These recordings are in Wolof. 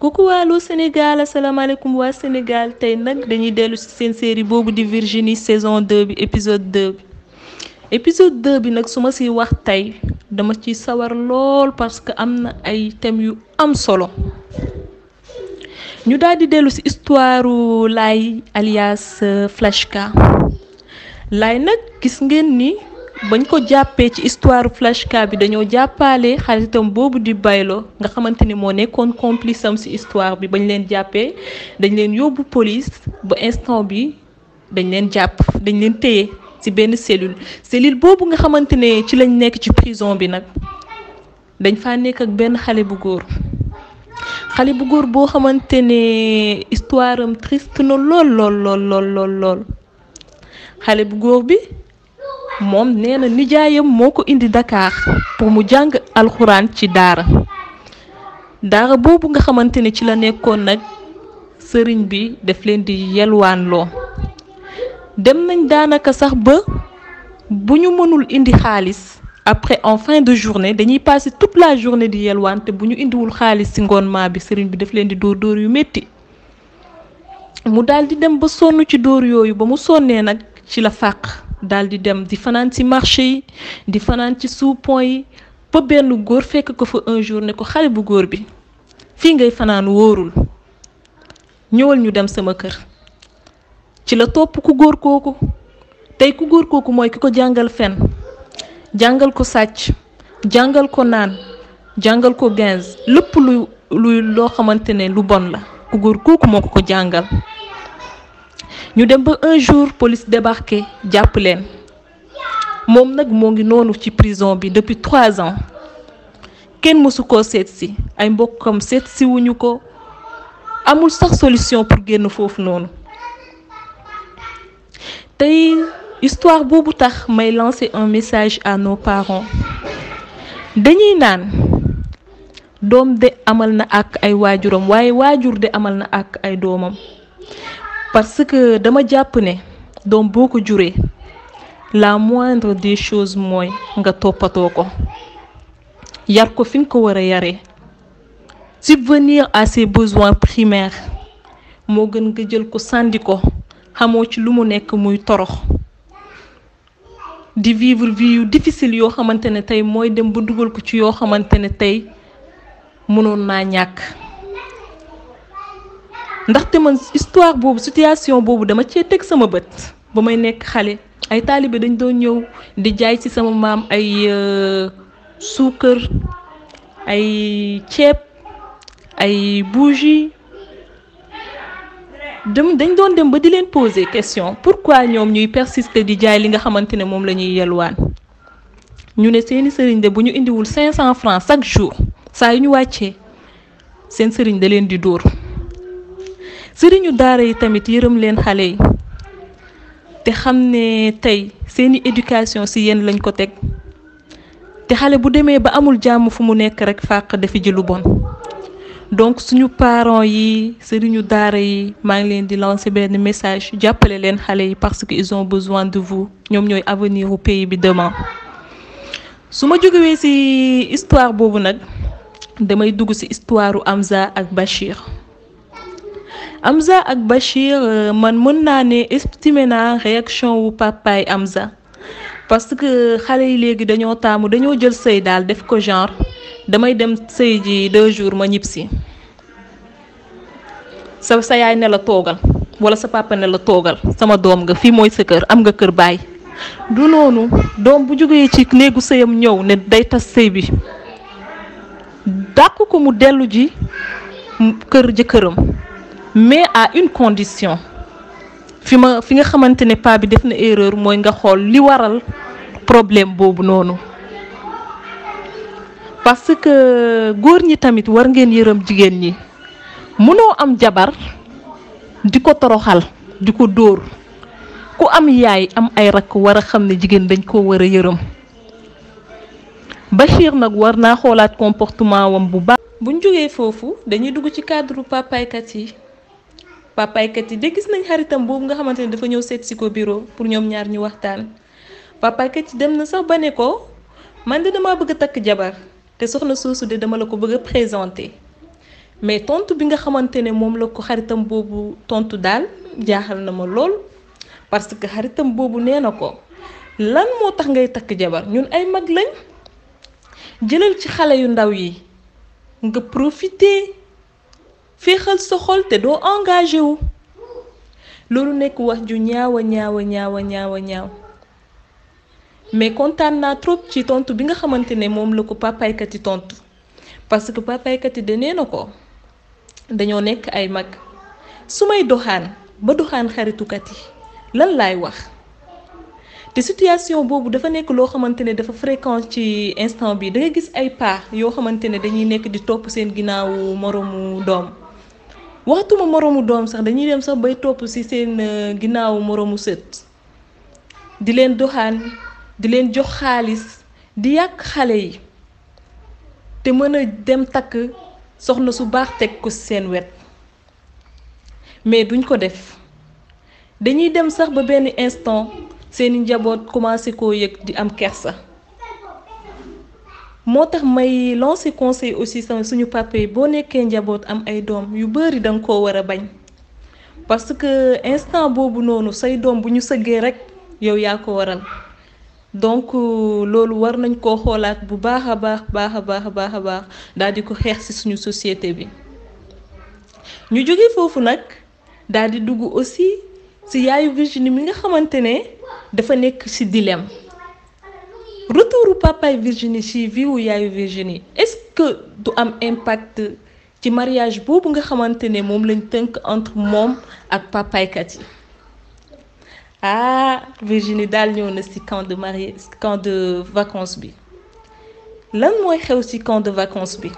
coucou wàllu Sénégal asalaamaaleykum waa Sénégal tey nag dañuy dellu ci seen série boobu di Virginie saison 2 bi épisode 2 bi bi nag suma si wax tey dama ci sawar lool parce que am na ay thèmes yu am solo ñu daal di dellu si histoire Laye alias euh, Flashka Laye nag gis ngeen ni. bañ ko jàppee ci histoire Flashka bi dañoo jàppaale xaritam boobu di Baylo nga xamante ni moo nekkoon complice am ci histoire bi bañ leen jàppee dañ leen yóbbu police ba instant bi dañ leen jàpp dañ leen téye ci benn cellule cellule boobu nga xamante ne ci lañ nekk ci prison bi nag dañ fa nekk ak benn xale bu góor xale bu góor boo xamante ne histoire am triste na lool lool lool lool lool lool xale bu góor bi moom nee na nijaayam moo ko indi dakaar pour mu jàng alxuraan ci daara daara boobu nga xamante ne ci la nekkoon nag sëriñ bi def leen di yelwaanloo dem nañ daanaka sax ba bu ñu mënul indi xaalis après en fin de journée dañuy passer toute la journée di yelwaan te bu ñu indiwul xaalis ci ngoon maa bi sëriñ bi daf leen di dóor dóor yu metti mu daldi dem ba sonn ci dóor yooyu ba mu sonnee nag ci la fàq. daal di dem di fanaan ci marché yi di fanaan ci sous pont yi ba benn góor fekk ko fa un jour ne ko xale bu góor bi fii ngay fanaan wóorul ñëwal ñu dem sama kër ci la topp ku góor kooku tey ku góor kooku mooy ki ko jàngal fenn jàngal ko sàcc jàngal ko naan jàngal ko genz lépp luy loo xamante ne lu bon la ku góor kooku moo ko ko jàngal ñu dem ba un jour police débarqué jàpp leen moom nag moo ngi noonu ci prison bi depuis trois ans kenn mësu koo seet si ay mbokkam seet si wuñu ko amul sax solution pour génn foofu noonu tey histoire boobu tax may lancer un message à nos parents dañuy naan doom de amal na ak ay waajuram waaye waajur de amal na ak ay doomam parce que dama jàpp ne doom boo ko juree la moindre des chose mooy nga toppatoo ko yar ko fi nga ko war a yaree subvenir à ses besoins primaires moo gën nga jël ko sàndi ko xamoo ci lu mu nekk muy torox di vivre vie yu difficile yoo xamante ne tey mooy dem ba dugal ko ci yoo xamante ne tey mënoon naa ñàkk ndaxte man histoire boobu situation boobu dama cee teg sama bët ba may nekk xale ay taalibe dañ doon ñëw di jaay ci sama maam ay euh, suukar ay ceeb ay bougie dem dañ doon dem ba di leen poser question pourquoi ñoom ñuy persister di jaay li nga xamante ne moom la ñuy yelwaan ñu ne seeni sëriñ de bu ñu indiwul 500 francs chaque jour saa yi ñu wàccee seen sëriñ da leen di dóor. sëriñu daara yi tamit yërëm leen xale yi te xam ne tey seeni éducation si yéen lañ ko teg te xale bu demee ba amul jàmm fu mu nekk rekk fàq dafi ji lu bon donc suñu parents yi sëriñu daara yi maa ngi leen di lancer benn message jàppale leen xale yi parce que ils ont besoin de vous ñoom ñooy avenir u pays bi demain su ma jógewee ci histoire boobu nag damay dugg ci histoire u Hamza ak Bachir Amza ak Bachir euh, man mën naa ne estimé naa réaction wu papaay Amza parce que xale yi léegi dañoo taamu dañoo jël sëy daal def ko genre damay dem sëy ji deux jour ma ñibbisi si sa sa yaay ne la toogal wala sa papa la toogal sama doom nga fii mooy sa kër am nga kër baay du noonu doom bu jógee ci néegu sëyam ñëw ne day tas sëy bi dàq ko mu dellu ji kër jëkkëram mais à une condition fi ma fi nga xamante ne paa bi def na erreur mooy nga xool li waral problème boobu noonu parce que góor ñi tamit war ngeen yërëm jigéen ñi mënoo am jabar di ko toroxal di ko dóor ku am yaay am ay rakk war a xam ne jigéen dañ ko war a yërëm Bachir nag war naa xoolaat comportement wam bu baax. buñ jógee foofu dañuy dugg ci cadre papaykat yi. papaay Katide gis nañ xaritam boobu nga xamante ne dafa ñëw seet si ko bureau pour ñoom ñaar ñu waxtaan papaay Katide dem na sax ba ne ko man de damaa bëgg a takk jabar te soxna soosu de dama la ko bëgg a présenté mais tontu bi nga xamante ne moom la ko xaritam boobu tontu daal jaaxal na ma lool parce que xaritam boobu nee na ko lan moo tax ngay takk jabar ñun ay mag lañ jëlal ci xale yu ndaw yi nga profité. féexal sa te doo engagé wu loolu nekk wax ju ñaawa ñaawa ñaawa ñaawa ñaaw mais kontaan naa trop ci tontu bi nga xamante ne moom la ko papaykat yi tontu parce que papaykat yi danee na ko dañoo nekk ay mag su may doxaan ba doxaan xaritukat yi lan laay wax te situation boobu dafa nekk loo xamante ne dafa fréquence ci instant bi da gis ay paax yoo xamante ne dañuy nekk di topp seen ginnaawu moroomu doom waxtuma moroomu doom sax dañuy dem sax bay topp ci seen euh, ginnaawu moroomu sët di leen doxaan di leen jox xaalis di yàq xale yi te mën a dem takk soxna su baax teg ko ci seen wet mais duñ ko def dañuy dem sax ba benn instant seeni njaboot commencé koo yëg di am kersa moo tax may lancer conseil aussi sama suñu papa boo nekkee njaboot am ay doom yu bëri danga nga koo war a bañ parce que instant boobu noonu say doom bu ñu sëggee rek yow yaa ko waral donc euh, loolu war nañ koo xoolaat bu baax a baax baax a baax a baax a baax daal di ko xeex ci suñu société bi ñu jóge foofu nag daal di dugg aussi ci yaayu Virginie mi nga xamante ne dafa nekk ci dilemme retouru papaay Virginie ci vie wu yaayu Virginie est-ce que du am impact ci mariage boobu nga xamante ne moom lañ tënk entre moom ak papaay yi ah Virginie daal ñëw na ci camp de marié camp de vacances bi lan mooy xew ci camp de vacances bi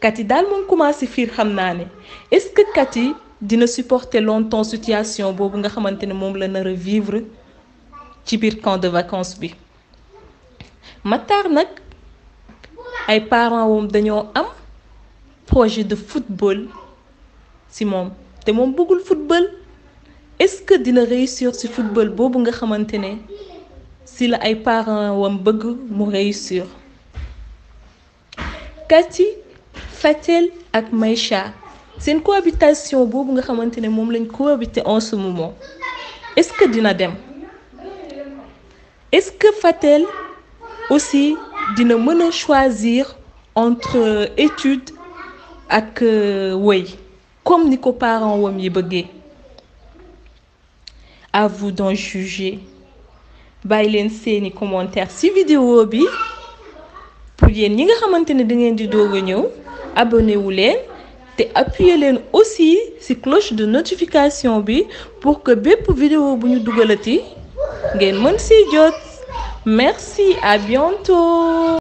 Cathy daal moom commencé fiir xam naa ne est-ce que Cathy dina supporter longtemps situation boobu nga xamante ne moom la nar a ci biir camp de vacances bi. Matar nag ay parents wam dañoo am projet de football si moom te moom bëggul football est-ce que dina réussir si football boobu nga xamante ne si la ay parents wam bëgg mu réussir Kati Fatel ak Maïcha seen cohabitation boobu nga xamante ne moom lañ cohabité en ce moment est-ce que dina dem est-ce que Fatel aussi dina mën a choisir entre étude ak euh, woy comme ni ko parent wom yi bëggee à vous d'en bàyyi leen seeni commentaire si vidéo bi pour yéen ñi nga xamante ne da di doog a ñëw abonné wu leen te appuyer leen aussi si cloche de notification bi pour que bépp vidéo bu ñu dugalati ngeen mën ci jot Merci, à bientôt.